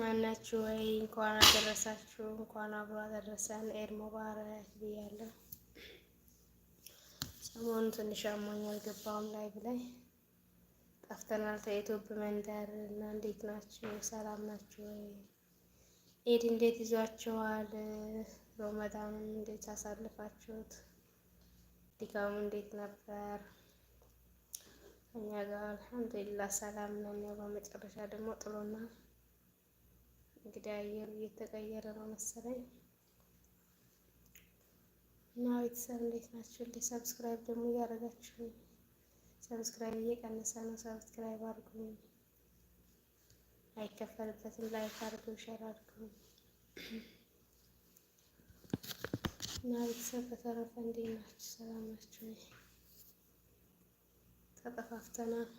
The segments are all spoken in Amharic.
ማናችሁ ወይ እንኳን አደረሳችሁ፣ እንኳን አብሮ አደረሰን። ኤድ ሙባረክ ብያለሁ። ሰሞኑ ትንሽ አሞኝ አልገባውም ላይ ብላይ ጠፍተናል። ተኢትዮብ መንደር እና እንዴት ናችሁ? ሰላም ናችሁ ወይ? ኤድ እንዴት ይዟችኋል? ሮመዳኑን እንዴት አሳልፋችሁት? ድካሙ እንዴት ነበር? እኛ ጋር አልሐምዱሊላህ ሰላም ነው። በመጨረሻ ደግሞ ጥሎናል። እንግዲህ አየሩ እየተቀየረ ነው መሰለኝ እና ቤተሰብ እንዴት ናቸው? እንደ ሰብስክራይብ ደግሞ እያደረጋችሁ ሰብስክራይብ እየቀነሰ ነው። ሰብስክራይብ አድርጉኝ፣ አይከፈልበትም። ላይክ አድርጉ፣ ሸር አድርጉ እና ቤተሰብ በተረፈ እንዴት ናችሁ? ሰላም ናችሁ? ተጠፋፍተናል።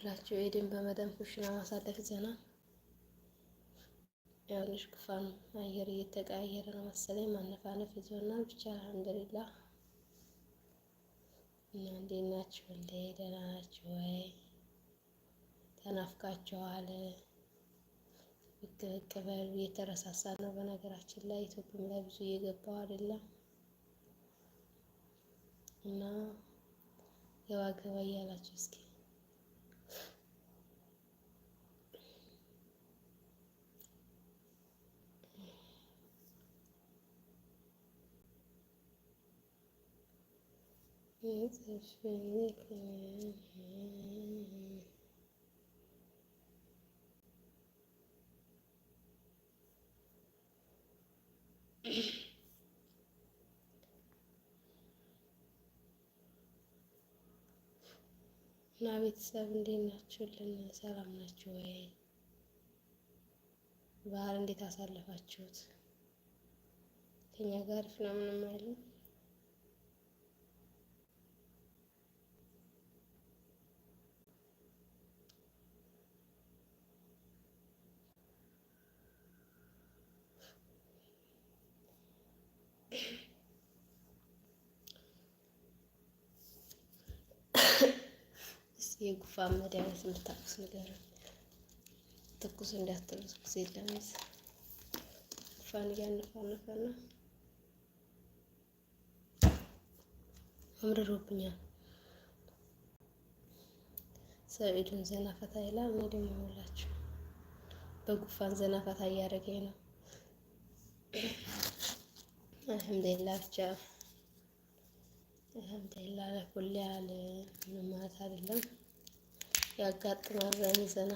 ብላችሁ ኤድን በመደም ኩሽና ማሳለፍ ዘና ያልሽ ክፋን አየር እየተቀያየረ ነው መሰለኝ ማነፋነፍ ይዞናል። ብቻ አልሐምዱሊላ። እና እንዴት ናችሁ? እንዴ ደህና ናችሁ ወይ? ተናፍቃችኋል። ብቅ ብቅ በሉ። እየተረሳሳ ነው በነገራችን ላይ ኢትዮጵያም ላይ ብዙ እየገባው አይደለም እና ገባ ገባ እያላችሁ እስኪ እና ቤተሰብ እንዴት ናችሁልን? ሰላም ናችሁ ወይ? ባህር እንዴት አሳለፋችሁት? ከኛ ጋር አሪፍ ነው። ምንም አይልም። የጉፋን መድኃኒት የምታቁስ ነገር ትኩስ እንዳትሉት ጊዜ ለሚዝ ጉፋን እያነፋነፈና አምርሮብኛል። ሰኢዱን ዘና ፈታ ይላል። እኔ ደግሞ ይውላችሁ በጉፋን ዘና ፈታ እያደረገኝ ነው። አልሐምዱሊላህ ብቻ አልሐምዱሊላህ ለኩል ያለ ምንም ማለት አይደለም። ያጋጥማል። በሚዘና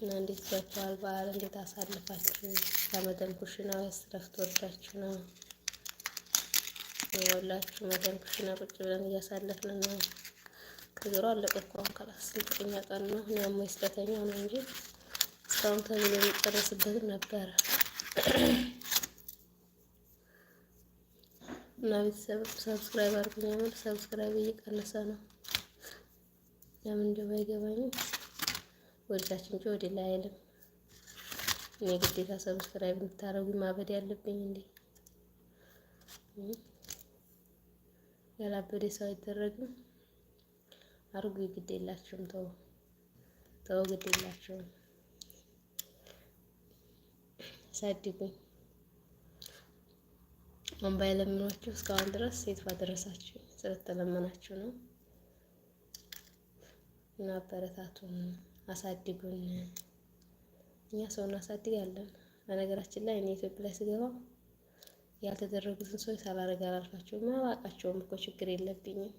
እና እንዴት ገብተዋል በዓል እንዴት አሳልፋችሁ ከመደም ኩሽና ወይስ ረፍት ወርዳችሁ ነው? ወላችሁ መደም ኩሽና ቁጭ ብለን እያሳለፍን ነው። ከዜሮ አለቀ እኮ ከላስ ስልጠኛ ቀን ነው እኔ አሞኝ ስለተኛ ነው እንጂ እስካሁን ተብሎ የሚጨረስበትም ነበረ እና ቤተሰብ ሰብስክራይብ አድርጉኝ። የምር ሰብስክራይብ እየቀነሰ ነው። ለምን እንደው አይገባኝም። ወደታች እንጂ ወደ ላይ አይልም። እኔ ግዴታ ሰብስክራይብ እንድታረጉኝ ማበድ ያለብኝ እንዴ? ያላበደ ሰው አይደረግም። አርጉ፣ ግድ የላችሁም። ተው ተው፣ ግድ የላችሁም። ሳድጉኝ ወንባይ ለምኗችሁ እስካሁን ድረስ ሴት ባደረሳችሁ ስለተለመናችሁ ነው። እና አበረታቱን፣ አሳድጉን። እኛ ሰው አሳድጋለን። በነገራችን ላይ እኔ ኢትዮጵያ ላይ ስገባ ያልተደረጉትን ሰዎች ሳላደርግ አላልፋቸውም። አላውቃቸውም እኮ ችግር የለብኝም።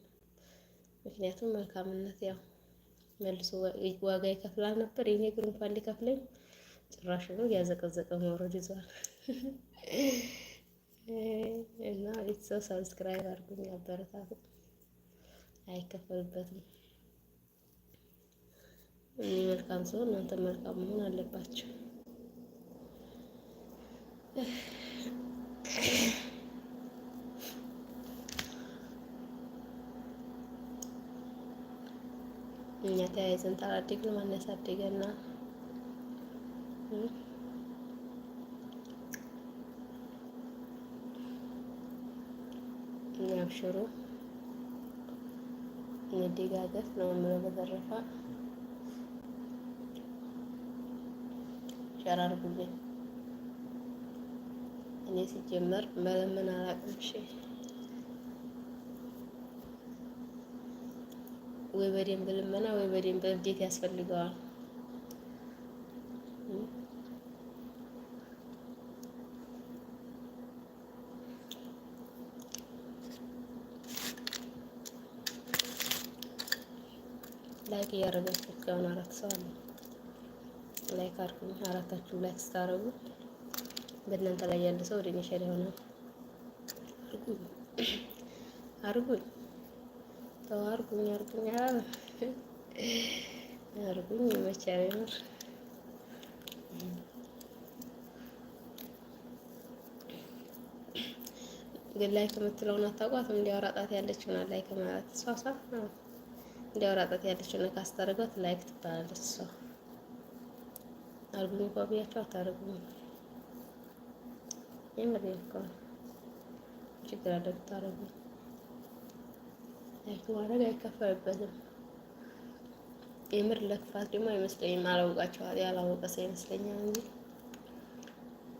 ምክንያቱም መልካምነት ያው መልሶ ዋጋ ይከፍላል ነበር። የኔ እግር እንኳን ሊከፍለኝ ጭራሽ ነው ያዘቀዘቀ መውረድ ይዟል። እና ቤተሰብ ሰብስክራይብ አድርጉኝ፣ አበረታቱ። አይከፈልበትም። መልካም ሰው እናንተ መልካም መሆን አለባቸው። እኛ ተያይዘን ታላደግን ማን ያሳደገና ያብሽሩ መደጋገፍ ነው የምለው በተረፈ ሸር አድርጉልኝ። እኔ ሲጀመር መለመን አላውቅም። እሺ ወይ በደንብ ልመና ወይ በደንብ እብዴት ያስፈልገዋል። ላይክ እያደረጋችሁ እስካሁን አራት ሰው አለ። ላይክ አድርጉኝ። አራታችሁም ላይክ ስታደርጉ በእናንተ ላይ ያለ ሰው ወደ እኔ ሸር ይሆናል። አርጉኝ፣ ተው አርጉኝ፣ አርጉኝ፣ አርጉኝ። ይመቻል ይኖር ግን ላይክ የምትለውን አታውቋትም። እንዲያው ራጣት ያለችው ናት ላይክ ማለት እሷ እሷ እንዲያው ራጣት ያለችው ነው ካስታረጓት ላይክ ትባላለች እሷ አርጉኝ እንኳ ብያቸው አታርጉልኝ። የምር ያልከው ችግር አለ ብታረጉ ላይክ ማድረግ አይከፈልበትም። የምር ለክፋት ደግሞ አይመስለኝም። አላወቃቸው ያላወቀ ሰው ይመስለኛል እንጂ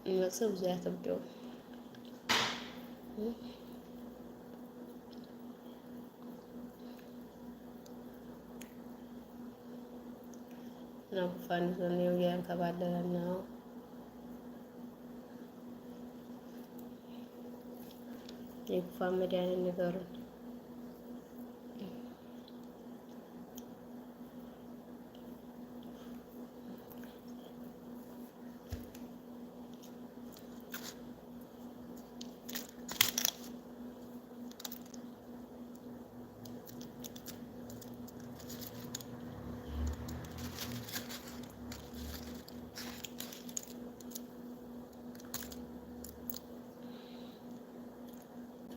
የሚወቅሰው ብዙ አያከብደውም። ነው። ጉንፋን ይዞን ነው እያንከባለለን ነው። የጉንፋን መድኃኒት ንገሩን።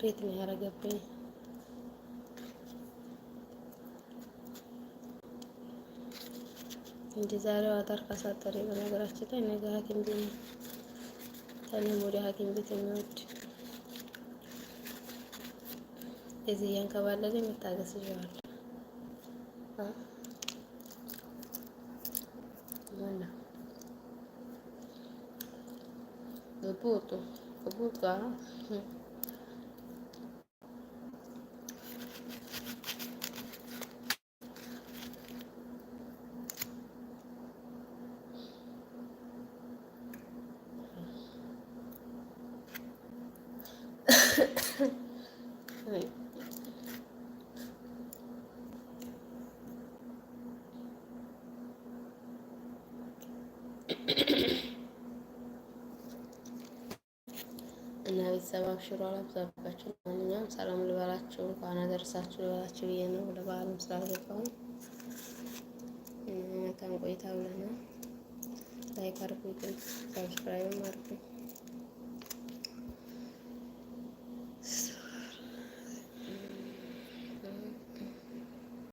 ቅሬት ነው ያደረገብኝ። እንደ ዛሬው አዳር ካሳጠረ በነገራችን ላይ ነገ ሐኪም ቤት ነው ከእኔም ወደ ሐኪም ቤት የሚወድ እዚህ እያንከባለለ መታገስ ይዘዋል። ገቡ ወጡ ገቡ ወጡ ቤተሰብ አብሽሮ አላብዛባቸው። ማንኛውም ሰላም ልበላችሁ እንኳን አደረሳችሁ ልበላችሁ ብዬ ነው። ለበዓልም ስላልገባው መልካም ቆይታ ብለናል። ላይክ አድርጉ፣ ሰብስክራይብ አድርጉ።